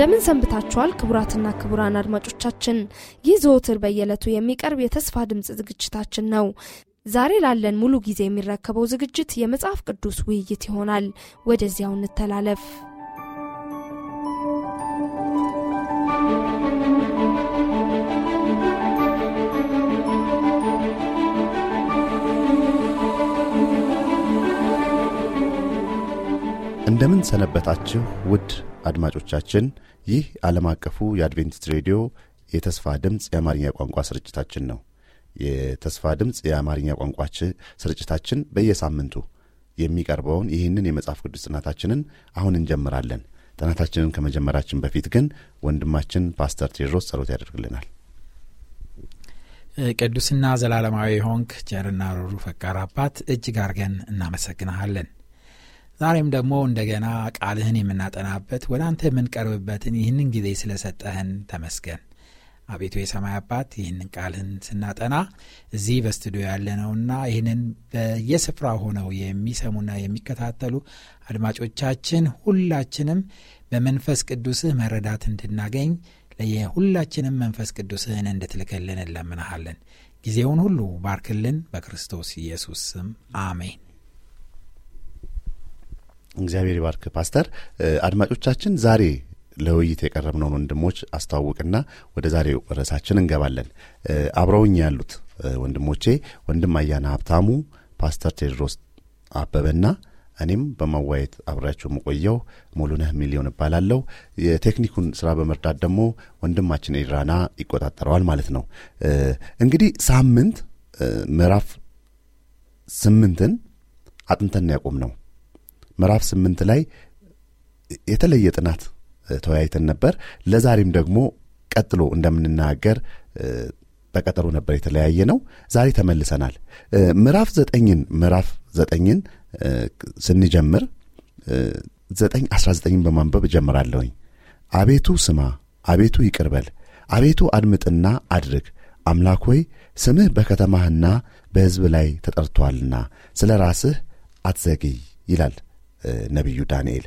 እንደምን ሰንብታችኋል ክቡራትና ክቡራን አድማጮቻችን ይህ ዘወትር በየለቱ የሚቀርብ የተስፋ ድምፅ ዝግጅታችን ነው ዛሬ ላለን ሙሉ ጊዜ የሚረከበው ዝግጅት የመጽሐፍ ቅዱስ ውይይት ይሆናል ወደዚያው እንተላለፍ እንደምን ሰነበታችሁ ውድ አድማጮቻችን ይህ ዓለም አቀፉ የአድቬንቲስት ሬዲዮ የተስፋ ድምፅ የአማርኛ ቋንቋ ስርጭታችን ነው። የተስፋ ድምፅ የአማርኛ ቋንቋ ስርጭታችን በየሳምንቱ የሚቀርበውን ይህንን የመጽሐፍ ቅዱስ ጥናታችንን አሁን እንጀምራለን። ጥናታችንን ከመጀመራችን በፊት ግን ወንድማችን ፓስተር ቴድሮስ ጸሎት ያደርግልናል። ቅዱስና ዘላለማዊ ሆንክ ጀርና ሩሩ ፈቃር አባት እጅግ አርገን እናመሰግንሃለን። ዛሬም ደግሞ እንደገና ቃልህን የምናጠናበት ወደ አንተ የምንቀርብበትን ይህንን ጊዜ ስለሰጠህን ተመስገን። አቤቱ የሰማይ አባት ይህንን ቃልህን ስናጠና እዚህ በስቱዲዮ ያለነውና ይህንን በየስፍራ ሆነው የሚሰሙና የሚከታተሉ አድማጮቻችን ሁላችንም በመንፈስ ቅዱስህ መረዳት እንድናገኝ ለየሁላችንም መንፈስ ቅዱስህን እንድትልክልን እንለምንሃለን። ጊዜውን ሁሉ ባርክልን። በክርስቶስ ኢየሱስ ስም አሜን። እግዚአብሔር ይባርክ ፓስተር። አድማጮቻችን ዛሬ ለውይይት የቀረብነውን ወንድሞች አስተዋውቅና ወደ ዛሬው ርዕሳችን እንገባለን። አብረውኝ ያሉት ወንድሞቼ ወንድም አያና ሀብታሙ፣ ፓስተር ቴድሮስ አበበና እኔም በማዋየት አብሬያችሁ የምቆየው ሙሉነህ ሚሊዮን እባላለሁ። የቴክኒኩን ስራ በመርዳት ደግሞ ወንድማችን ኤድራና ይቆጣጠረዋል ማለት ነው። እንግዲህ ሳምንት ምዕራፍ ስምንትን አጥንተን ያቆም ነው ምዕራፍ ስምንት ላይ የተለየ ጥናት ተወያይተን ነበር። ለዛሬም ደግሞ ቀጥሎ እንደምንናገር በቀጠሮ ነበር የተለያየ ነው። ዛሬ ተመልሰናል። ምዕራፍ ዘጠኝን ምዕራፍ ዘጠኝን ስንጀምር ዘጠኝ አስራ ዘጠኝን በማንበብ እጀምራለሁኝ። አቤቱ ስማ፣ አቤቱ ይቅርበል፣ አቤቱ አድምጥና አድርግ። አምላክ ሆይ ስምህ በከተማህና በሕዝብ ላይ ተጠርቶአልና ስለ ራስህ አትዘግይ ይላል። ነቢዩ ዳንኤል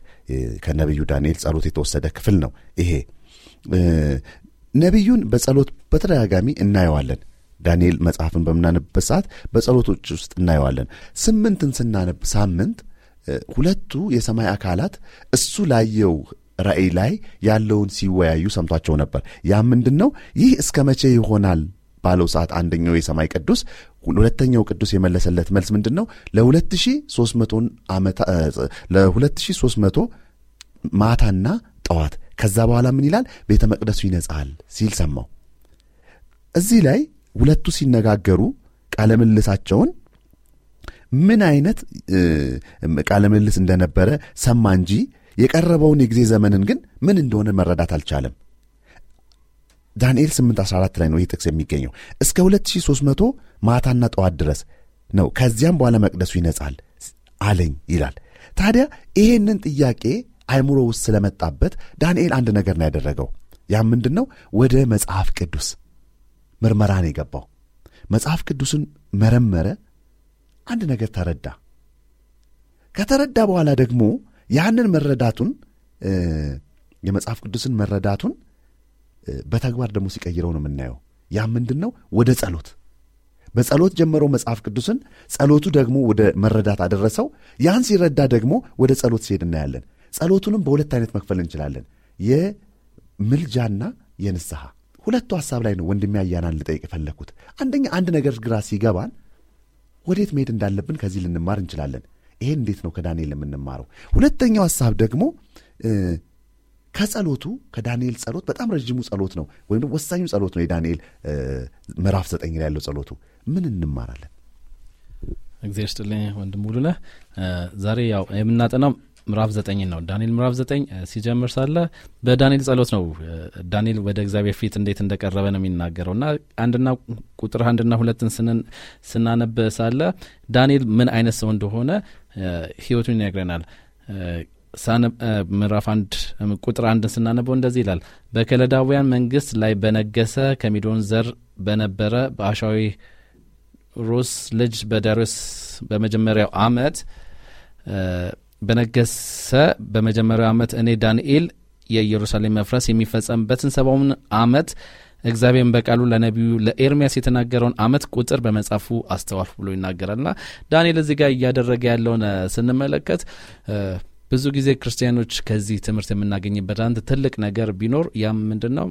ከነቢዩ ዳንኤል ጸሎት የተወሰደ ክፍል ነው ይሄ። ነቢዩን በጸሎት በተደጋጋሚ እናየዋለን። ዳንኤል መጽሐፍን በምናነብበት ሰዓት በጸሎቶች ውስጥ እናየዋለን። ስምንትን ስናነብ ሳምንት ሁለቱ የሰማይ አካላት እሱ ላየው ራእይ ላይ ያለውን ሲወያዩ ሰምቷቸው ነበር። ያ ምንድን ነው? ይህ እስከ መቼ ይሆናል ባለው ሰዓት አንደኛው የሰማይ ቅዱስ ሁለተኛው ቅዱስ የመለሰለት መልስ ምንድን ነው? ለ2300 ማታና ጠዋት ከዛ በኋላ ምን ይላል? ቤተ መቅደሱ ይነጻል ሲል ሰማው። እዚህ ላይ ሁለቱ ሲነጋገሩ ቃለ ምልልሳቸውን ምን አይነት ቃለ ምልልስ እንደነበረ ሰማ እንጂ የቀረበውን የጊዜ ዘመንን ግን ምን እንደሆነ መረዳት አልቻለም። ዳንኤል 814 ላይ ነው ይህ ጥቅስ የሚገኘው። እስከ 2300 ማታና ጠዋት ድረስ ነው። ከዚያም በኋላ መቅደሱ ይነጻል አለኝ ይላል። ታዲያ ይሄንን ጥያቄ አይምሮ ውስጥ ስለመጣበት ዳንኤል አንድ ነገር ነው ያደረገው። ያ ምንድን ነው? ወደ መጽሐፍ ቅዱስ ምርመራን የገባው። መጽሐፍ ቅዱስን መረመረ፣ አንድ ነገር ተረዳ። ከተረዳ በኋላ ደግሞ ያንን መረዳቱን የመጽሐፍ ቅዱስን መረዳቱን በተግባር ደግሞ ሲቀይረው ነው የምናየው። ያ ምንድን ነው? ወደ ጸሎት በጸሎት ጀመረው መጽሐፍ ቅዱስን። ጸሎቱ ደግሞ ወደ መረዳት አደረሰው። ያን ሲረዳ ደግሞ ወደ ጸሎት ሲሄድ እናያለን። ጸሎቱንም በሁለት አይነት መክፈል እንችላለን። የምልጃና የንስሐ ሁለቱ ሀሳብ ላይ ነው ወንድሜ አያናን ልጠይቅ የፈለግኩት። አንደኛ አንድ ነገር ግራ ሲገባን ወዴት መሄድ እንዳለብን ከዚህ ልንማር እንችላለን። ይሄን እንዴት ነው ከዳንኤል የምንማረው? ሁለተኛው ሀሳብ ደግሞ ከጸሎቱ ከዳንኤል ጸሎት በጣም ረዥሙ ጸሎት ነው፣ ወይም ደግሞ ወሳኙ ጸሎት ነው። የዳንኤል ምዕራፍ ዘጠኝ ላይ ያለው ጸሎቱ ምን እንማራለን? እግዚአብሔር ስጥልኝ ወንድም ሙሉነህ። ዛሬ ያው የምናጠናው ምዕራፍ ዘጠኝ ነው። ዳንኤል ምዕራፍ ዘጠኝ ሲጀምር ሳለ በዳንኤል ጸሎት ነው። ዳንኤል ወደ እግዚአብሔር ፊት እንዴት እንደቀረበ ነው የሚናገረው እና አንድና ቁጥር አንድና ሁለትን ስናነብ ሳለ ዳንኤል ምን አይነት ሰው እንደሆነ ህይወቱን ይነግረናል። ምዕራፍ አንድ ቁጥር አንድን ስናነበው እንደዚህ ይላል በከለዳውያን መንግስት ላይ በነገሰ ከሚዶን ዘር በነበረ በአሻዊ ሩስ ልጅ በዳሪዮስ በመጀመሪያው አመት በነገሰ በመጀመሪያው አመት እኔ ዳንኤል የኢየሩሳሌም መፍረስ የሚፈጸምበትን ሰባውን አመት እግዚአብሔርን በቃሉ ለነቢዩ ለኤርሚያስ የተናገረውን አመት ቁጥር በመጻፉ አስተዋልፍ ብሎ ና ዳንኤል እዚህ ጋር እያደረገ ያለውን ስንመለከት ብዙ ጊዜ ክርስቲያኖች ከዚህ ትምህርት የምናገኝበት አንድ ትልቅ ነገር ቢኖር ያም ምንድን ነው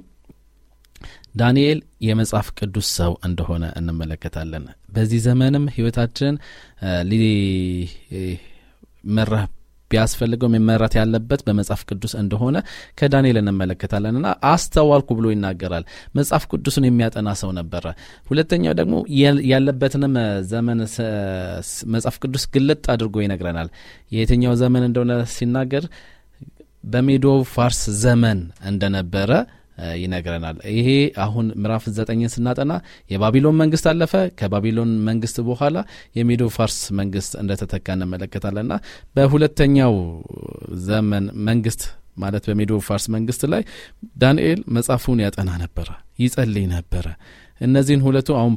ዳንኤል የመጽሐፍ ቅዱስ ሰው እንደሆነ እንመለከታለን። በዚህ ዘመንም ህይወታችን መራህ ቢያስፈልገው መመራት ያለበት በመጽሐፍ ቅዱስ እንደሆነ ከዳንኤል እንመለከታለን እና አስተዋልኩ ብሎ ይናገራል። መጽሐፍ ቅዱስን የሚያጠና ሰው ነበረ። ሁለተኛው ደግሞ ያለበትንም ዘመን መጽሐፍ ቅዱስ ግልጥ አድርጎ ይነግረናል። የየትኛው ዘመን እንደሆነ ሲናገር በሜዶ ፋርስ ዘመን እንደነበረ ይነግረናል። ይሄ አሁን ምዕራፍ ዘጠኝን ስናጠና የባቢሎን መንግስት አለፈ። ከባቢሎን መንግስት በኋላ የሜዶ ፋርስ መንግስት እንደተተካ እንመለከታለን ና በሁለተኛው ዘመን መንግስት ማለት በሜዶ ፋርስ መንግስት ላይ ዳንኤል መጽሐፉን ያጠና ነበረ፣ ይጸልይ ነበረ። እነዚህን ሁለቱ አሁን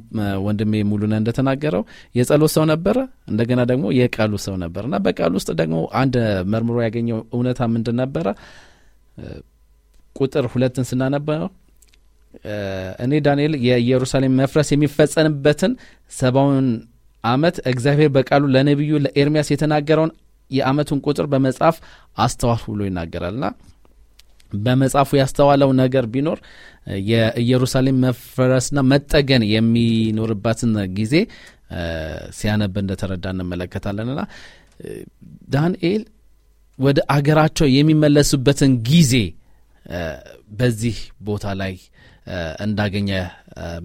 ወንድሜ ሙሉነ እንደተናገረው የጸሎት ሰው ነበረ፣ እንደገና ደግሞ የቃሉ ሰው ነበረ እና በቃሉ ውስጥ ደግሞ አንድ መርምሮ ያገኘው እውነታ ምንድን ነበረ? ቁጥር ሁለትን ስናነበው እኔ ዳንኤል የኢየሩሳሌም መፍረስ የሚፈጸምበትን ሰባውን አመት እግዚአብሔር በቃሉ ለነቢዩ ለኤርሚያስ የተናገረውን የአመቱን ቁጥር በመጽሐፍ አስተዋል ብሎ ይናገራልና በመጽሐፉ ያስተዋለው ነገር ቢኖር የኢየሩሳሌም መፍረስና መጠገን የሚኖርባትን ጊዜ ሲያነብ እንደተረዳ እንመለከታለንና ዳንኤል ወደ አገራቸው የሚመለሱበትን ጊዜ በዚህ ቦታ ላይ እንዳገኘ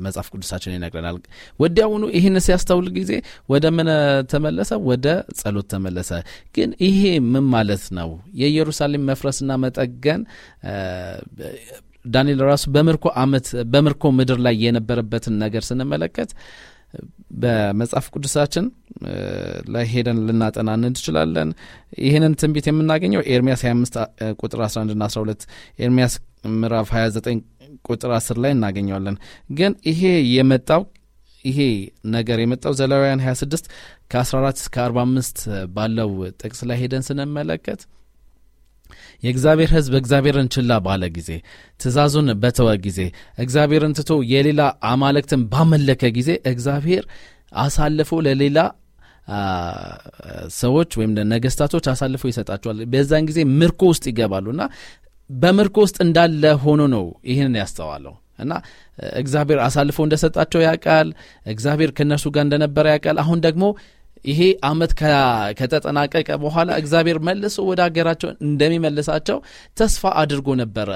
መጽሐፍ ቅዱሳችን ይነግረናል። ወዲያውኑ ይህን ሲያስተውል ጊዜ ወደ ምን ተመለሰ? ወደ ጸሎት ተመለሰ። ግን ይሄ ምን ማለት ነው? የኢየሩሳሌም መፍረስና መጠገን ዳንኤል ራሱ በምርኮ ዓመት በምርኮ ምድር ላይ የነበረበትን ነገር ስንመለከት በመጽሐፍ ቅዱሳችን ላይ ሄደን ልናጠና እንችላለን። ይህንን ትንቢት የምናገኘው ኤርሚያስ 25 ቁጥር 11 ና 12 ኤርሚያስ ምዕራፍ 29 ቁጥር 10 ላይ እናገኘዋለን። ግን ይሄ የመጣው ይሄ ነገር የመጣው ዘላውያን 26 ከ14 እስከ 45 ባለው ጥቅስ ላይ ሄደን ስንመለከት የእግዚአብሔር ህዝብ እግዚአብሔርን ችላ ባለ ጊዜ፣ ትእዛዙን በተወ ጊዜ፣ እግዚአብሔርን ትቶ የሌላ አማልክትን ባመለከ ጊዜ እግዚአብሔር አሳልፎ ለሌላ ሰዎች ወይም ነገስታቶች አሳልፎ ይሰጣቸዋል። በዛን ጊዜ ምርኮ ውስጥ ይገባሉ እና በምርኮ ውስጥ እንዳለ ሆኖ ነው ይህንን ያስተዋለው እና እግዚአብሔር አሳልፎ እንደሰጣቸው ያውቃል። እግዚአብሔር ከእነርሱ ጋር እንደነበረ ያውቃል። አሁን ደግሞ ይሄ አመት ከተጠናቀቀ በኋላ እግዚአብሔር መልሶ ወደ ሀገራቸው እንደሚመልሳቸው ተስፋ አድርጎ ነበረ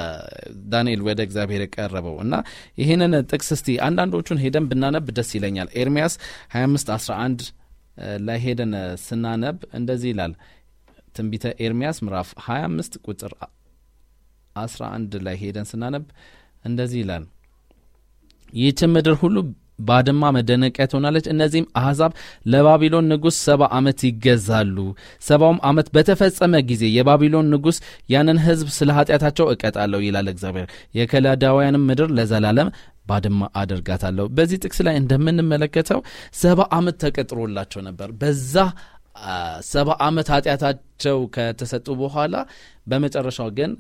ዳንኤል ወደ እግዚአብሔር የቀረበው እና ይህንን ጥቅስ እስቲ አንዳንዶቹን ሄደን ብናነብ ደስ ይለኛል። ኤርሚያስ 25 11 ላይ ሄደን ስናነብ እንደዚህ ይላል። ትንቢተ ኤርሚያስ ምራፍ 25 ቁጥር 11 ላይ ሄደን ስናነብ እንደዚህ ይላል ይህች ምድር ሁሉ ባድማ መደነቂያ ትሆናለች። እነዚህም አሕዛብ ለባቢሎን ንጉሥ ሰባ ዓመት ይገዛሉ። ሰባውም ዓመት በተፈጸመ ጊዜ የባቢሎን ንጉሥ ያንን ሕዝብ ስለ ኃጢአታቸው እቀጣለሁ ይላል እግዚአብሔር። የከላዳውያንም ምድር ለዘላለም ባድማ አደርጋታለሁ። በዚህ ጥቅስ ላይ እንደምንመለከተው ሰባ ዓመት ተቀጥሮላቸው ነበር። በዛ ሰባ ዓመት ኃጢአታቸው ከተሰጡ በኋላ በመጨረሻው ግን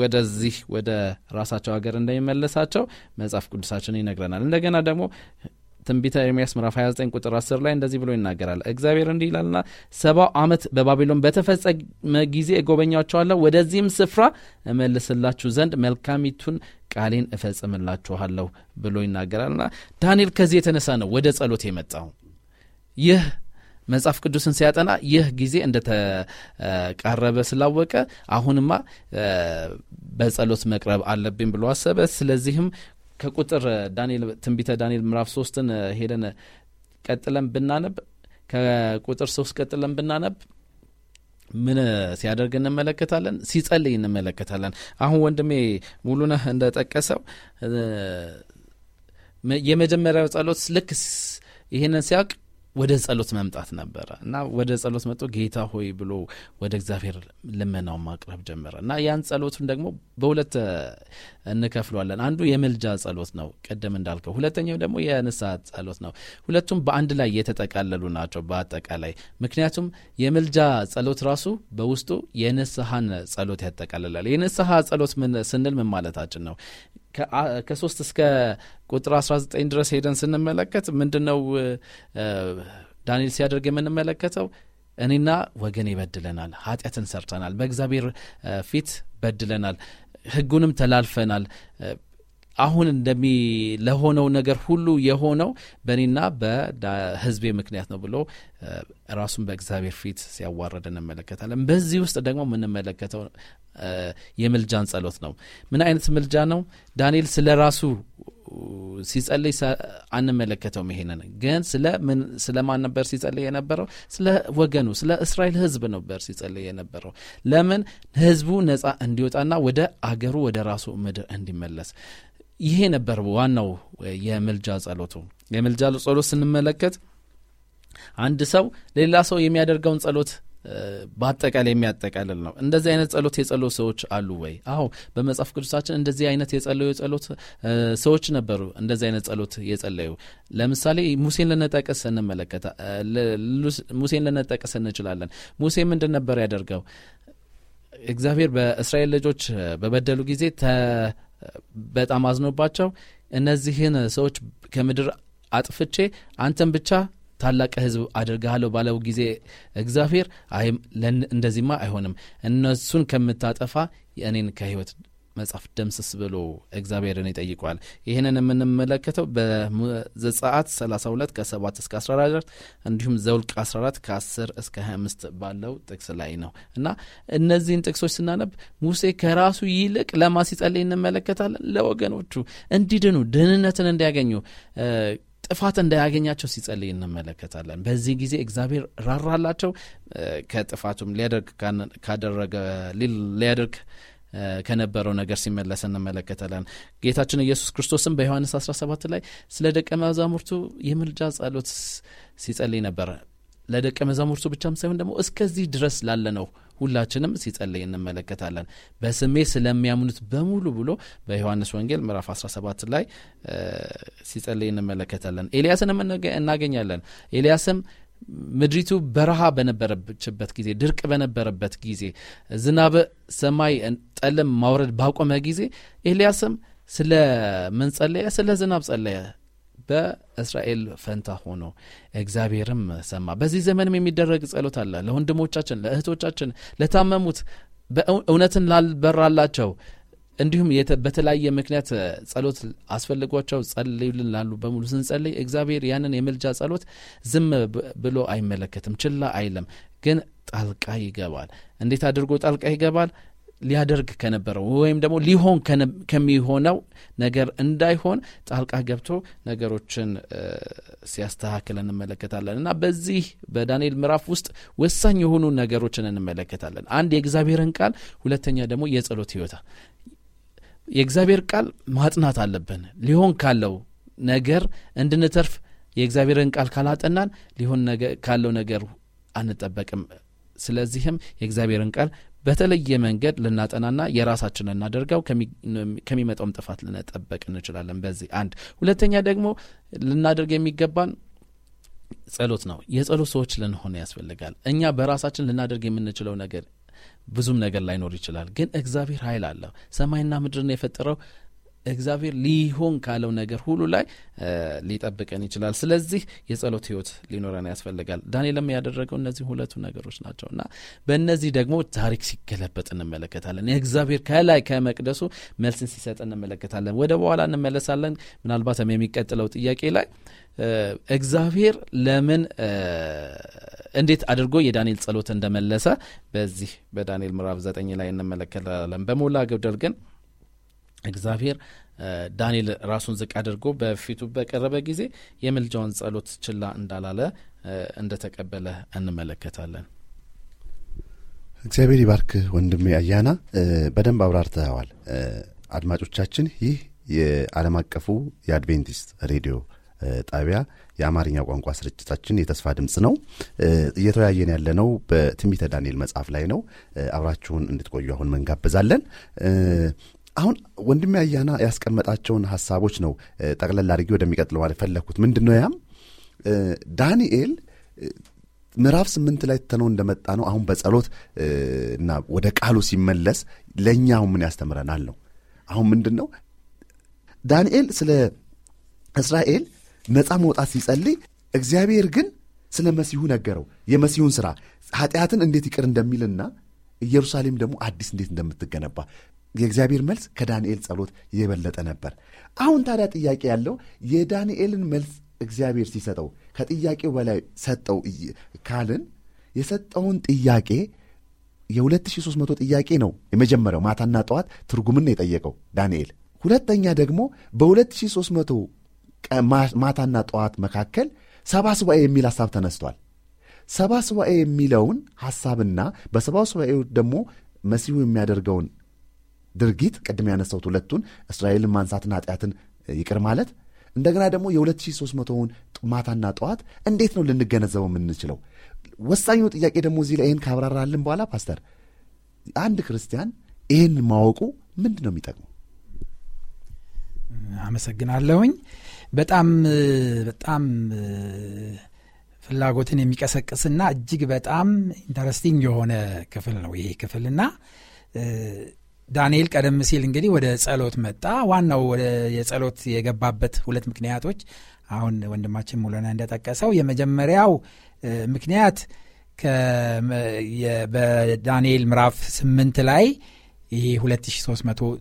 ወደዚህ ወደ ራሳቸው ሀገር እንደሚመለሳቸው መጽሐፍ ቅዱሳችን ይነግረናል። እንደገና ደግሞ ትንቢተ ኤርሚያስ ምዕራፍ 29 ቁጥር 10 ላይ እንደዚህ ብሎ ይናገራል። እግዚአብሔር እንዲህ ይላልና ሰባው ዓመት በባቢሎን በተፈጸመ ጊዜ እጎበኛቸዋለሁ፣ ወደዚህም ስፍራ እመልስላችሁ ዘንድ መልካሚቱን ቃሌን እፈጽምላችኋለሁ ብሎ ይናገራልና ዳንኤል ከዚህ የተነሳ ነው ወደ ጸሎት የመጣው ይህ መጽሐፍ ቅዱስን ሲያጠና ይህ ጊዜ እንደተቃረበ ስላወቀ አሁንማ በጸሎት መቅረብ አለብኝ ብሎ አሰበ። ስለዚህም ከቁጥር ዳንኤል ትንቢተ ዳንኤል ምዕራፍ ሶስትን ሄደን ቀጥለን ብናነብ ከቁጥር ሶስት ቀጥለን ብናነብ ምን ሲያደርግ እንመለከታለን? ሲጸልይ እንመለከታለን። አሁን ወንድሜ ሙሉነህ እንደጠቀሰው የመጀመሪያው ጸሎት ልክ ይህንን ሲያውቅ ወደ ጸሎት መምጣት ነበረ እና ወደ ጸሎት መጥቶ ጌታ ሆይ ብሎ ወደ እግዚአብሔር ልመናው ማቅረብ ጀመረ እና ያን ጸሎቱን ደግሞ በሁለት እንከፍለዋለን። አንዱ የምልጃ ጸሎት ነው ቅድም እንዳልከው፣ ሁለተኛው ደግሞ የንስሐ ጸሎት ነው። ሁለቱም በአንድ ላይ የተጠቃለሉ ናቸው በአጠቃላይ ምክንያቱም የምልጃ ጸሎት ራሱ በውስጡ የንስሐን ጸሎት ያጠቃልላል። የንስሐ ጸሎት ስንል ምን ማለታችን ነው? ከሶስት እስከ ቁጥር 19 ድረስ ሄደን ስንመለከት ምንድነው ዳንኤል ሲያደርግ የምንመለከተው እኔና ወገን ይበድለናል፣ ኃጢአትን ሰርተናል፣ በእግዚአብሔር ፊት በድለናል፣ ህጉንም ተላልፈናል አሁን እንደሚ ለሆነው ነገር ሁሉ የሆነው በእኔና በህዝቤ ምክንያት ነው ብሎ ራሱን በእግዚአብሔር ፊት ሲያዋረድ እንመለከታለን። በዚህ ውስጥ ደግሞ የምንመለከተው የምልጃን ጸሎት ነው። ምን አይነት ምልጃ ነው? ዳንኤል ስለ ራሱ ሲጸልይ አንመለከተውም። ይሄንን ግን ስለ ማን ነበር ሲጸልይ የነበረው? ስለ ወገኑ ስለ እስራኤል ህዝብ ነበር ሲጸልይ የነበረው። ለምን ህዝቡ ነፃ እንዲወጣና ወደ አገሩ ወደ ራሱ ምድር እንዲመለስ ይሄ ነበር ዋናው የምልጃ ጸሎቱ። የምልጃ ጸሎት ስንመለከት አንድ ሰው ሌላ ሰው የሚያደርገውን ጸሎት በአጠቃላይ የሚያጠቃልል ነው። እንደዚህ አይነት ጸሎት የጸሎት ሰዎች አሉ ወይ? አሁ በመጽሐፍ ቅዱሳችን እንደዚህ አይነት የጸለዩ የጸሎት ሰዎች ነበሩ። እንደዚህ አይነት ጸሎት የጸለዩ ለምሳሌ ሙሴን ልንጠቅስ እንመለከተ ሙሴን ልንጠቅስ እንችላለን። ሙሴ ምንድን ነበር ያደርገው? እግዚአብሔር በእስራኤል ልጆች በበደሉ ጊዜ በጣም አዝኖባቸው እነዚህን ሰዎች ከምድር አጥፍቼ አንተን ብቻ ታላቅ ህዝብ አድርግሃለሁ ባለው ጊዜ እግዚአብሔር እንደዚህማ አይሆንም እነሱን ከምታጠፋ የእኔን ከህይወት መጽሐፍ ደምስስ ብሎ እግዚአብሔርን ይጠይቋል። ይህንን የምንመለከተው በዘጸአት 32 ከ7 እስከ 14 እንዲሁም ዘውልቅ 14 ከ10 እስከ 25 ባለው ጥቅስ ላይ ነው እና እነዚህን ጥቅሶች ስናነብ ሙሴ ከራሱ ይልቅ ለማ ሲጸልይ እንመለከታለን። ለወገኖቹ እንዲድኑ ድህንነትን እንዲያገኙ ጥፋት እንዳያገኛቸው ሲጸልይ እንመለከታለን። በዚህ ጊዜ እግዚአብሔር ራራላቸው። ከጥፋቱም ሊያደርግ ካደረገ ሊያደርግ ከነበረው ነገር ሲመለስ እንመለከታለን። ጌታችን ኢየሱስ ክርስቶስም በዮሐንስ 17 ላይ ስለ ደቀ መዛሙርቱ የምልጃ ጸሎት ሲጸልይ ነበረ። ለደቀ መዛሙርቱ ብቻም ሳይሆን ደግሞ እስከዚህ ድረስ ላለ ነው ሁላችንም ሲጸልይ እንመለከታለን። በስሜ ስለሚያምኑት በሙሉ ብሎ በዮሐንስ ወንጌል ምዕራፍ 17 ላይ ሲጸልይ እንመለከታለን። ኤልያስንም እናገኛለን። ኤልያስም ምድሪቱ በረሃ በነበረችበት ጊዜ፣ ድርቅ በነበረበት ጊዜ፣ ዝናብ ሰማይ ጠለም ማውረድ ባቆመ ጊዜ ኤልያስም ስለ ምን ጸለየ? ስለ ዝናብ ጸለየ በእስራኤል ፈንታ ሆኖ እግዚአብሔርም ሰማ። በዚህ ዘመንም የሚደረግ ጸሎት አለ። ለወንድሞቻችን፣ ለእህቶቻችን፣ ለታመሙት፣ በእውነትን ላልበራላቸው እንዲሁም በተለያየ ምክንያት ጸሎት አስፈልጓቸው ጸልዩልን ላሉ በሙሉ ስንጸልይ እግዚአብሔር ያንን የምልጃ ጸሎት ዝም ብሎ አይመለከትም፣ ችላ አይለም። ግን ጣልቃ ይገባል። እንዴት አድርጎ ጣልቃ ይገባል? ሊያደርግ ከነበረው ወይም ደግሞ ሊሆን ከሚሆነው ነገር እንዳይሆን ጣልቃ ገብቶ ነገሮችን ሲያስተካክል እንመለከታለን እና በዚህ በዳንኤል ምዕራፍ ውስጥ ወሳኝ የሆኑ ነገሮችን እንመለከታለን። አንድ የእግዚአብሔርን ቃል፣ ሁለተኛ ደግሞ የጸሎት ህይወታ የእግዚአብሔር ቃል ማጽናት አለብን። ሊሆን ካለው ነገር እንድንተርፍ የእግዚአብሔርን ቃል ካላጠናን ሊሆን ካለው ነገር አንጠበቅም። ስለዚህም የእግዚአብሔርን ቃል በተለየ መንገድ ልናጠናና የራሳችን ልናደርገው ከሚመጣውም ጥፋት ልንጠበቅ እንችላለን። በዚህ አንድ ሁለተኛ ደግሞ ልናደርግ የሚገባን ጸሎት ነው። የጸሎት ሰዎች ልንሆን ያስፈልጋል። እኛ በራሳችን ልናደርግ የምንችለው ነገር ብዙም ነገር ላይኖር ይችላል። ግን እግዚአብሔር ኃይል አለው። ሰማይና ምድርን የፈጠረው እግዚአብሔር ሊሆን ካለው ነገር ሁሉ ላይ ሊጠብቀን ይችላል። ስለዚህ የጸሎት ህይወት ሊኖረን ያስፈልጋል። ዳንኤልም ያደረገው እነዚህ ሁለቱ ነገሮች ናቸው እና በእነዚህ ደግሞ ታሪክ ሲገለበጥ እንመለከታለን። የእግዚአብሔር ከላይ ከመቅደሱ መልስን ሲሰጥ እንመለከታለን። ወደ በኋላ እንመለሳለን። ምናልባትም የሚቀጥለው ጥያቄ ላይ እግዚአብሔር ለምን እንዴት አድርጎ የዳንኤል ጸሎት እንደመለሰ በዚህ በዳንኤል ምዕራፍ ዘጠኝ ላይ እንመለከታለን። በሞላ ጎደል ግን እግዚአብሔር ዳንኤል ራሱን ዝቅ አድርጎ በፊቱ በቀረበ ጊዜ የምልጃውን ጸሎት ችላ እንዳላለ እንደተቀበለ እንመለከታለን። እግዚአብሔር ይባርክ ወንድሜ አያና፣ በደንብ አብራርተዋል። አድማጮቻችን ይህ የዓለም አቀፉ የአድቬንቲስት ሬዲዮ ጣቢያ የአማርኛ ቋንቋ ስርጭታችን የተስፋ ድምጽ ነው። እየተወያየን ያለነው በትንቢተ ዳንኤል መጽሐፍ ላይ ነው። አብራችሁን እንድትቆዩ አሁን መንጋብዛለን። አሁን ወንድሜ አያና ያስቀመጣቸውን ሀሳቦች ነው ጠቅለል አድርጌ ወደሚቀጥለው ማለት ፈለግኩት። ምንድን ነው ያም ዳንኤል ምዕራፍ ስምንት ላይ ትተኖ እንደመጣ ነው። አሁን በጸሎት እና ወደ ቃሉ ሲመለስ ለእኛ አሁን ምን ያስተምረናል ነው። አሁን ምንድን ነው ዳንኤል ስለ እስራኤል ነፃ መውጣት ሲጸልይ እግዚአብሔር ግን ስለ መሲሁ ነገረው፣ የመሲሁን ስራ ኃጢአትን እንዴት ይቅር እንደሚልና ኢየሩሳሌም ደግሞ አዲስ እንዴት እንደምትገነባ የእግዚአብሔር መልስ ከዳንኤል ጸሎት የበለጠ ነበር። አሁን ታዲያ ጥያቄ ያለው የዳንኤልን መልስ እግዚአብሔር ሲሰጠው ከጥያቄው በላይ ሰጠው ካልን የሰጠውን ጥያቄ የ2300 ጥያቄ ነው። የመጀመሪያው ማታና ጠዋት ትርጉምን የጠየቀው ዳንኤል፣ ሁለተኛ ደግሞ በ2300 ማታና ጠዋት መካከል ሰባ ሱባኤ የሚል ሀሳብ ተነስቷል። ሰባ ሱባኤ የሚለውን ሀሳብና በሰባ ሱባኤ ደግሞ መሲሁ የሚያደርገውን ድርጊት ቅድም ያነሳሁት ሁለቱን እስራኤልን ማንሳትና ኃጢአትን ይቅር ማለት እንደገና ደግሞ የ2300ውን ማታና ጠዋት እንዴት ነው ልንገነዘበው የምንችለው? ወሳኙ ጥያቄ ደግሞ እዚህ ላይ ይህን ካብራራልን በኋላ ፓስተር፣ አንድ ክርስቲያን ይህን ማወቁ ምንድን ነው የሚጠቅመው? አመሰግናለሁኝ። በጣም በጣም ፍላጎትን የሚቀሰቅስና እጅግ በጣም ኢንተረስቲንግ የሆነ ክፍል ነው ይሄ ክፍልና ዳንኤል ቀደም ሲል እንግዲህ ወደ ጸሎት መጣ። ዋናው ወደ የጸሎት የገባበት ሁለት ምክንያቶች አሁን ወንድማችን ሙሎና እንደጠቀሰው የመጀመሪያው ምክንያት በዳንኤል ምዕራፍ ስምንት ላይ ይሄ 2300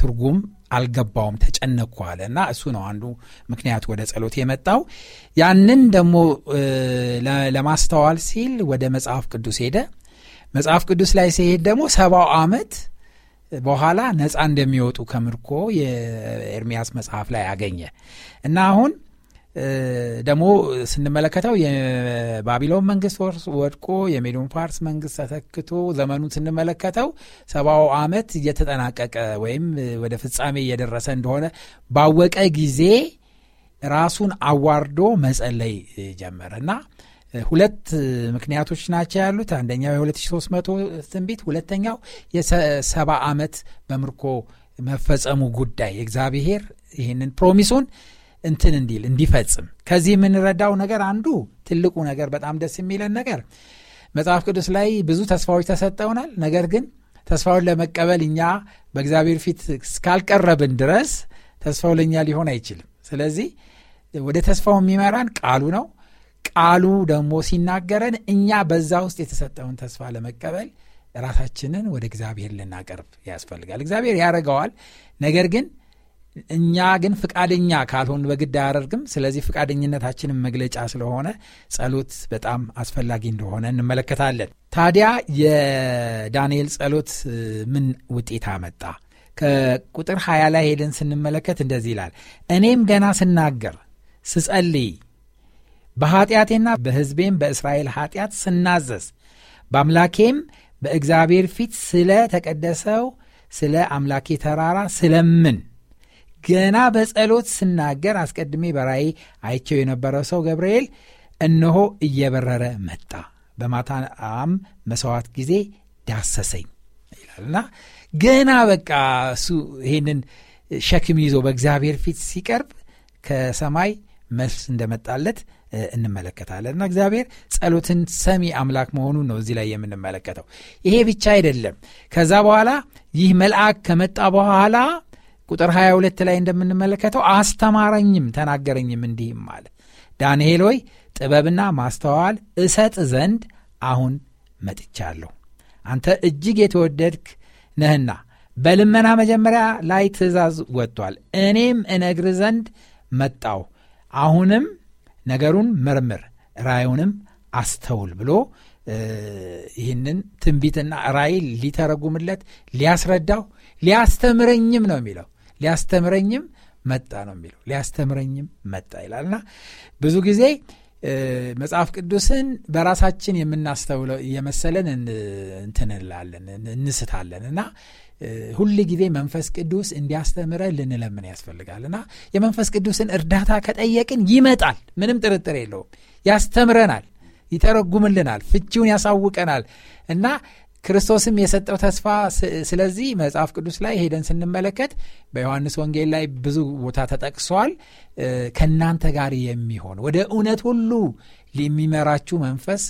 ትርጉም አልገባውም ተጨነቅኩ አለ እና እሱ ነው አንዱ ምክንያት ወደ ጸሎት የመጣው። ያንን ደግሞ ለማስተዋል ሲል ወደ መጽሐፍ ቅዱስ ሄደ። መጽሐፍ ቅዱስ ላይ ሲሄድ ደግሞ ሰባው ዓመት በኋላ ነፃ እንደሚወጡ ከምርኮ የኤርሚያስ መጽሐፍ ላይ አገኘ እና አሁን ደግሞ ስንመለከተው የባቢሎን መንግስት ወድቆ የሜዲን ፓርስ መንግስት ተተክቶ ዘመኑን ስንመለከተው ሰባው ዓመት እየተጠናቀቀ ወይም ወደ ፍጻሜ እየደረሰ እንደሆነ ባወቀ ጊዜ ራሱን አዋርዶ መጸለይ ጀመረ እና ሁለት ምክንያቶች ናቸው ያሉት። አንደኛው የ2300 ትንቢት፣ ሁለተኛው የሰባ ዓመት በምርኮ መፈጸሙ ጉዳይ እግዚአብሔር ይህንን ፕሮሚሱን እንትን እንዲል እንዲፈጽም ከዚህ የምንረዳው ነገር አንዱ ትልቁ ነገር በጣም ደስ የሚለን ነገር መጽሐፍ ቅዱስ ላይ ብዙ ተስፋዎች ተሰጠውናል። ነገር ግን ተስፋውን ለመቀበል እኛ በእግዚአብሔር ፊት እስካልቀረብን ድረስ ተስፋው ለእኛ ሊሆን አይችልም። ስለዚህ ወደ ተስፋው የሚመራን ቃሉ ነው። ቃሉ ደግሞ ሲናገረን እኛ በዛ ውስጥ የተሰጠውን ተስፋ ለመቀበል ራሳችንን ወደ እግዚአብሔር ልናቀርብ ያስፈልጋል። እግዚአብሔር ያደረገዋል። ነገር ግን እኛ ግን ፍቃደኛ ካልሆን በግድ አያደርግም። ስለዚህ ፍቃደኝነታችንን መግለጫ ስለሆነ ጸሎት በጣም አስፈላጊ እንደሆነ እንመለከታለን። ታዲያ የዳንኤል ጸሎት ምን ውጤት አመጣ? ከቁጥር 20 ላይ ሄደን ስንመለከት እንደዚህ ይላል። እኔም ገና ስናገር ስጸልይ በኃጢአቴና በሕዝቤም በእስራኤል ኃጢአት ስናዘዝ በአምላኬም በእግዚአብሔር ፊት ስለ ተቀደሰው ስለ አምላኬ ተራራ ስለምን ገና በጸሎት ስናገር አስቀድሜ በራእይ አይቸው የነበረው ሰው ገብርኤል እነሆ እየበረረ መጣ፣ በማታም መሰዋት ጊዜ ዳሰሰኝ ይላልና ገና በቃ እሱ ይህንን ሸክም ይዞ በእግዚአብሔር ፊት ሲቀርብ ከሰማይ መልስ እንደመጣለት እንመለከታለን እና እግዚአብሔር ጸሎትን ሰሚ አምላክ መሆኑን ነው እዚህ ላይ የምንመለከተው። ይሄ ብቻ አይደለም። ከዛ በኋላ ይህ መልአክ ከመጣ በኋላ ቁጥር 22 ላይ እንደምንመለከተው አስተማረኝም ተናገረኝም እንዲህም አለ ዳንኤል ሆይ ጥበብና ማስተዋል እሰጥ ዘንድ አሁን መጥቻለሁ አንተ እጅግ የተወደድክ ነህና በልመና መጀመሪያ ላይ ትእዛዝ ወጥቷል እኔም እነግር ዘንድ መጣው አሁንም ነገሩን ምርምር ራዩንም አስተውል ብሎ ይህንን ትንቢትና ራይ ሊተረጉምለት ሊያስረዳው ሊያስተምረኝም ነው የሚለው ሊያስተምረኝም መጣ ነው የሚለው ሊያስተምረኝም መጣ ይላልና ብዙ ጊዜ መጽሐፍ ቅዱስን በራሳችን የምናስተውለው እየመሰለን እንትንላለን እንስታለን እና ሁል ጊዜ መንፈስ ቅዱስ እንዲያስተምረ ልንለምን ያስፈልጋል እና የመንፈስ ቅዱስን እርዳታ ከጠየቅን ይመጣል ምንም ጥርጥር የለውም ያስተምረናል ይተረጉምልናል ፍቺውን ያሳውቀናል እና ክርስቶስም የሰጠው ተስፋ ስለዚህ መጽሐፍ ቅዱስ ላይ ሄደን ስንመለከት በዮሐንስ ወንጌል ላይ ብዙ ቦታ ተጠቅሷል። ከእናንተ ጋር የሚሆን ወደ እውነት ሁሉ የሚመራችሁ መንፈስ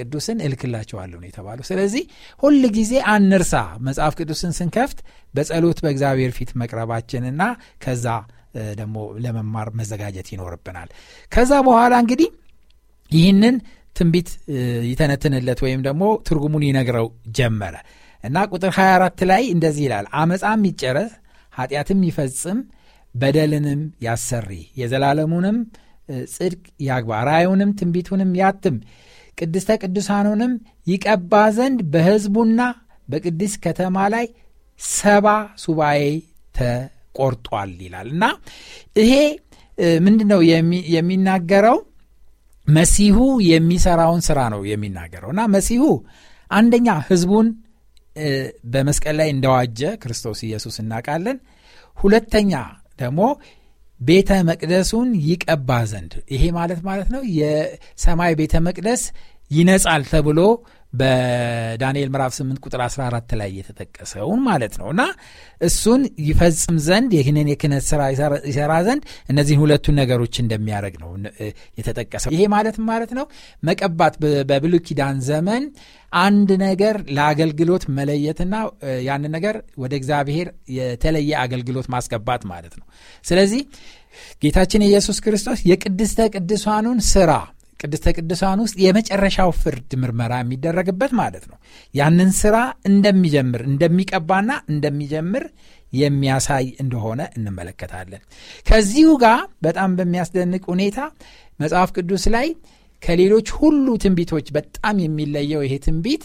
ቅዱስን እልክላቸዋለሁ ነው የተባለው። ስለዚህ ሁል ጊዜ አንርሳ፣ መጽሐፍ ቅዱስን ስንከፍት በጸሎት በእግዚአብሔር ፊት መቅረባችንና ከዛ ደግሞ ለመማር መዘጋጀት ይኖርብናል። ከዛ በኋላ እንግዲህ ይህንን ትንቢት ይተነትንለት ወይም ደግሞ ትርጉሙን ይነግረው ጀመረ እና ቁጥር 24 ላይ እንደዚህ ይላል አመፃም ይጨረስ ኃጢአትም ይፈጽም በደልንም ያሰሪ የዘላለሙንም ጽድቅ ያግባ ራዩንም ትንቢቱንም ያትም ቅድስተ ቅዱሳኑንም ይቀባ ዘንድ በሕዝቡና በቅድስ ከተማ ላይ ሰባ ሱባኤ ተቆርጧል ይላል እና ይሄ ምንድን ነው የሚናገረው መሲሁ የሚሰራውን ስራ ነው የሚናገረው እና መሲሁ አንደኛ ህዝቡን በመስቀል ላይ እንደዋጀ ክርስቶስ ኢየሱስ እናውቃለን። ሁለተኛ ደግሞ ቤተ መቅደሱን ይቀባ ዘንድ ይሄ ማለት ማለት ነው የሰማይ ቤተ መቅደስ ይነጻል ተብሎ በዳንኤል ምዕራፍ 8 ቁጥር 14 ላይ የተጠቀሰውን ማለት ነው እና እሱን ይፈጽም ዘንድ ይህንን የክህነት ስራ ይሰራ ዘንድ እነዚህን ሁለቱን ነገሮች እንደሚያደርግ ነው የተጠቀሰው። ይሄ ማለት ማለት ነው መቀባት በብሉይ ኪዳን ዘመን አንድ ነገር ለአገልግሎት መለየትና ያንን ነገር ወደ እግዚአብሔር የተለየ አገልግሎት ማስገባት ማለት ነው። ስለዚህ ጌታችን ኢየሱስ ክርስቶስ የቅድስተ ቅዱሳኑን ስራ ቅድስተ ቅዱሳን ውስጥ የመጨረሻው ፍርድ ምርመራ የሚደረግበት ማለት ነው። ያንን ስራ እንደሚጀምር እንደሚቀባና እንደሚጀምር የሚያሳይ እንደሆነ እንመለከታለን። ከዚሁ ጋር በጣም በሚያስደንቅ ሁኔታ መጽሐፍ ቅዱስ ላይ ከሌሎች ሁሉ ትንቢቶች በጣም የሚለየው ይሄ ትንቢት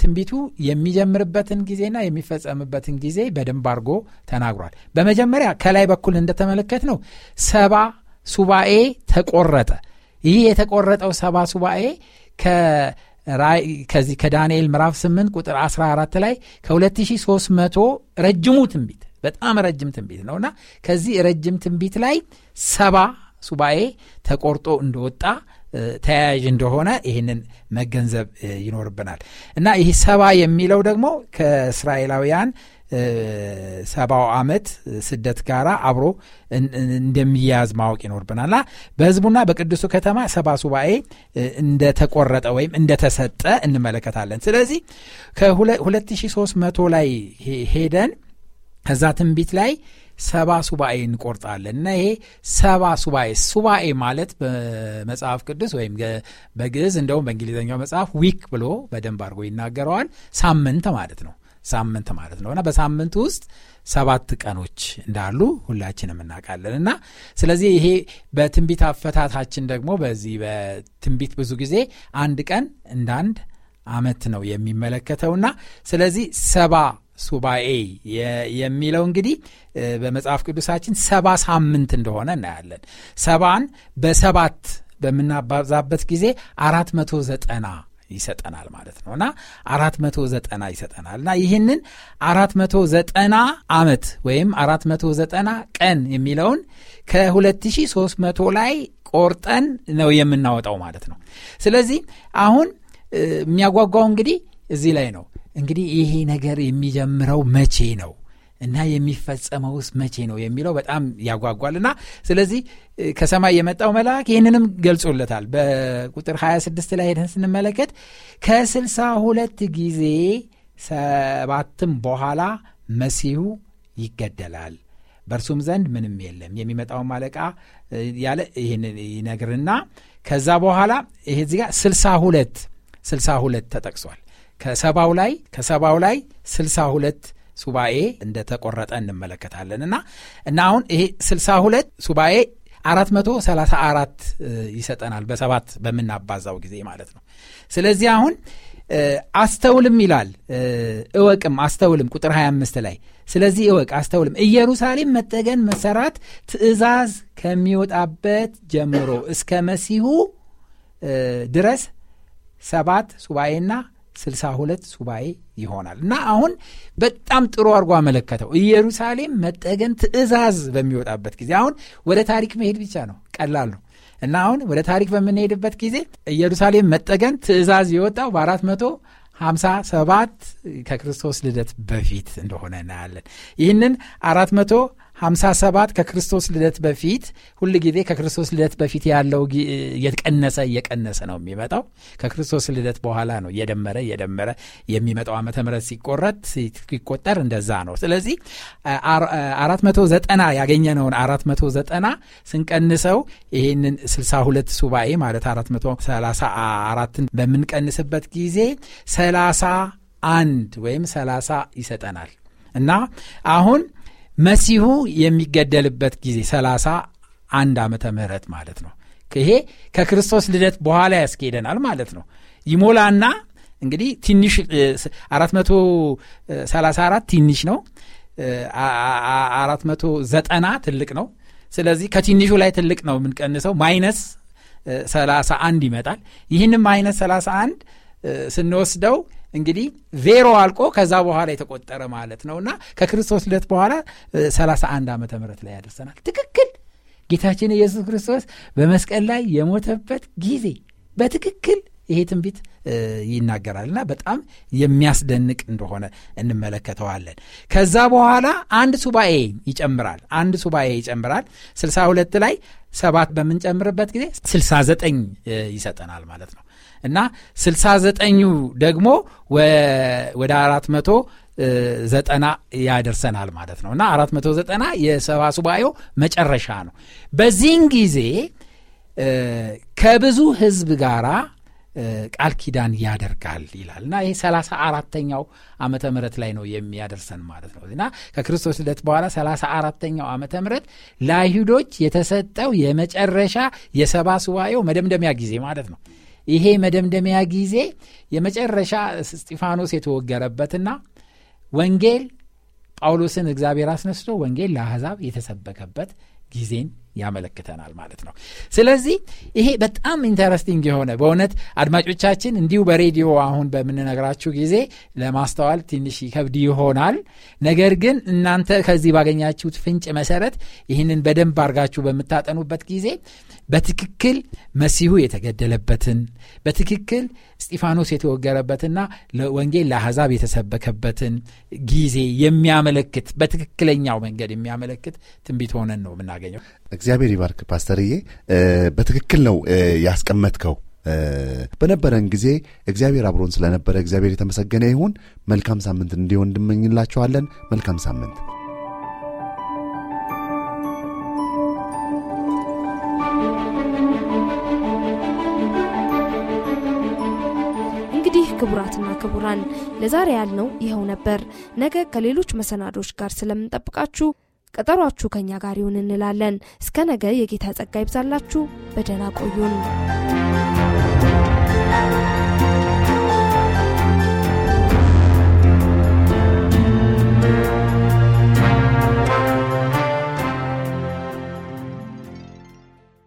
ትንቢቱ የሚጀምርበትን ጊዜና የሚፈጸምበትን ጊዜ በደንብ አድርጎ ተናግሯል። በመጀመሪያ ከላይ በኩል እንደተመለከት ነው ሰባ ሱባኤ ተቆረጠ ይህ የተቆረጠው ሰባ ሱባኤ ከዚህ ከዳንኤል ምዕራፍ 8 ቁጥር 14 ላይ ከ2300 ረጅሙ ትንቢት በጣም ረጅም ትንቢት እና ከዚህ ረጅም ትንቢት ላይ ሰባ ሱባኤ ተቆርጦ እንደወጣ ተያያዥ እንደሆነ ይህንን መገንዘብ ይኖርብናል እና ይህ ሰባ የሚለው ደግሞ ከእስራኤላውያን ሰባው ዓመት ስደት ጋር አብሮ እንደሚያያዝ ማወቅ ይኖርብናልና በህዝቡና በቅዱሱ ከተማ ሰባ ሱባኤ እንደተቆረጠ ወይም እንደተሰጠ እንመለከታለን። ስለዚህ ከ2300 ላይ ሄደን ከዛ ትንቢት ላይ ሰባ ሱባኤ እንቆርጣለን እና ይሄ ሰባ ሱባኤ ሱባኤ ማለት በመጽሐፍ ቅዱስ ወይም በግዕዝ እንደውም በእንግሊዝኛው መጽሐፍ ዊክ ብሎ በደንብ አድርጎ ይናገረዋል። ሳምንት ማለት ነው። ሳምንት ማለት ነው እና በሳምንት ውስጥ ሰባት ቀኖች እንዳሉ ሁላችንም እናውቃለን እና ስለዚህ ይሄ በትንቢት አፈታታችን ደግሞ በዚህ በትንቢት ብዙ ጊዜ አንድ ቀን እንደ አንድ አመት ነው የሚመለከተውና ስለዚህ ሰባ ሱባኤ የሚለው እንግዲህ በመጽሐፍ ቅዱሳችን ሰባ ሳምንት እንደሆነ እናያለን ሰባን በሰባት በምናባዛበት ጊዜ አራት መቶ ዘጠና ይሰጠናል ማለት ነው እና አራት መቶ ዘጠና ይሰጠናል እና ይህንን አራት መቶ ዘጠና ዓመት ወይም አራት መቶ ዘጠና ቀን የሚለውን ከሁለት ሺህ መቶ ላይ ቆርጠን ነው የምናወጣው ማለት ነው። ስለዚህ አሁን የሚያጓጓው እንግዲህ እዚህ ላይ ነው። እንግዲህ ይሄ ነገር የሚጀምረው መቼ ነው እና የሚፈጸመውስ መቼ ነው የሚለው በጣም ያጓጓል እና ስለዚህ ከሰማይ የመጣው መልአክ ይህንንም ገልጾለታል በቁጥር 26 ላይ ሄደን ስንመለከት ከስልሳ ሁለት ጊዜ ሰባትም በኋላ መሲሁ ይገደላል በእርሱም ዘንድ ምንም የለም የሚመጣውም አለቃ ያለ ይህን ይነግርና ከዛ በኋላ ይሄ ዚጋ 62 ተጠቅሷል ከሰባው ላይ ከሰባው ላይ ስልሳ ሁለት ሱባኤ እንደተቆረጠ እንመለከታለን እና እና አሁን ይሄ 62 ሱባኤ 434 ይሰጠናል በሰባት በምናባዛው ጊዜ ማለት ነው ስለዚህ አሁን አስተውልም ይላል እወቅም አስተውልም ቁጥር 25 ላይ ስለዚህ እወቅ አስተውልም ኢየሩሳሌም መጠገን መሰራት ትእዛዝ ከሚወጣበት ጀምሮ እስከ መሲሁ ድረስ ሰባት ሱባኤና ስልሳ ሁለት ሱባኤ ይሆናል እና አሁን በጣም ጥሩ አድርጎ አመለከተው። ኢየሩሳሌም መጠገን ትእዛዝ በሚወጣበት ጊዜ አሁን ወደ ታሪክ መሄድ ብቻ ነው፣ ቀላል ነው እና አሁን ወደ ታሪክ በምንሄድበት ጊዜ ኢየሩሳሌም መጠገን ትእዛዝ የወጣው በአራት መቶ ሀምሳ ሰባት ከክርስቶስ ልደት በፊት እንደሆነ እናያለን። ይህንን አራት መቶ 57 ከክርስቶስ ልደት በፊት ሁል ጊዜ ከክርስቶስ ልደት በፊት ያለው እየቀነሰ እየቀነሰ ነው የሚመጣው። ከክርስቶስ ልደት በኋላ ነው እየደመረ እየደመረ የሚመጣው ዓመተ ምረት ሲቆረጥ ሲቆጠር እንደዛ ነው። ስለዚህ 490 ያገኘነውን 490 ስንቀንሰው ይህንን 62 ሱባኤ ማለት 434ን በምንቀንስበት ጊዜ አንድ ወይም 30 ይሰጠናል እና አሁን መሲሁ የሚገደልበት ጊዜ አንድ ዓመተ ምህረት ማለት ነው። ይሄ ከክርስቶስ ልደት በኋላ ያስኬደናል ማለት ነው። ይሞላና እንግዲህ ትንሽ 434 ትንሽ ነው፣ 490 ትልቅ ነው። ስለዚህ ከትንሹ ላይ ትልቅ ነው የምንቀንሰው ማይነስ 31 ይመጣል። ይህንም ማይነስ 31 ስንወስደው እንግዲህ ዜሮ አልቆ ከዛ በኋላ የተቆጠረ ማለት ነው እና ከክርስቶስ ልደት በኋላ 31 ዓመተ ምህረት ላይ ያደርሰናል። ትክክል ጌታችን ኢየሱስ ክርስቶስ በመስቀል ላይ የሞተበት ጊዜ በትክክል ይሄ ትንቢት እና በጣም የሚያስደንቅ እንደሆነ እንመለከተዋለን። ከዛ በኋላ አንድ ሱባኤ ይጨምራል። አንድ ሱባኤ ይጨምራል። 62 ላይ ሰባት በምንጨምርበት ጊዜ 69 ይሰጠናል ማለት ነው። እና 69ኙ ደግሞ ወደ ዘጠና ያደርሰናል ማለት ነው እና 490 የሰባ ሱባኤው መጨረሻ ነው። በዚህን ጊዜ ከብዙ ህዝብ ጋር ቃል ኪዳን ያደርጋል ይላል እና ይህ ሰላሳ አራተኛው ዓመተ ምረት ላይ ነው የሚያደርሰን ማለት ነው እና ከክርስቶስ ልደት በኋላ ሰላሳ አራተኛው ዓመተ ምረት ለአይሁዶች የተሰጠው የመጨረሻ የሰባ ሱባኤው መደምደሚያ ጊዜ ማለት ነው። ይሄ መደምደሚያ ጊዜ የመጨረሻ ስጢፋኖስ የተወገረበትና ወንጌል ጳውሎስን እግዚአብሔር አስነስቶ ወንጌል ለአሕዛብ የተሰበከበት ጊዜን ያመለክተናል ማለት ነው። ስለዚህ ይሄ በጣም ኢንተረስቲንግ የሆነ በእውነት አድማጮቻችን እንዲሁ በሬዲዮ አሁን በምንነግራችሁ ጊዜ ለማስተዋል ትንሽ ይከብድ ይሆናል። ነገር ግን እናንተ ከዚህ ባገኛችሁት ፍንጭ መሰረት ይህንን በደንብ አርጋችሁ በምታጠኑበት ጊዜ በትክክል መሲሁ የተገደለበትን በትክክል እስጢፋኖስ የተወገረበትና ወንጌል ለአሕዛብ የተሰበከበትን ጊዜ የሚያመለክት በትክክለኛው መንገድ የሚያመለክት ትንቢት ሆነን ነው የምናገኘው። እግዚአብሔር ይባርክ ፓስተርዬ። በትክክል ነው ያስቀመጥከው። በነበረን ጊዜ እግዚአብሔር አብሮን ስለነበረ እግዚአብሔር የተመሰገነ ይሁን። መልካም ሳምንት እንዲሆን እንድመኝላችኋለን። መልካም ሳምንት ክቡራን ለዛሬ ያልነው ይኸው ነበር። ነገ ከሌሎች መሰናዶች ጋር ስለምንጠብቃችሁ ቀጠሯችሁ ከእኛ ጋር ይሁን እንላለን። እስከ ነገ የጌታ ጸጋ ይብዛላችሁ። በደህና ቆዩን።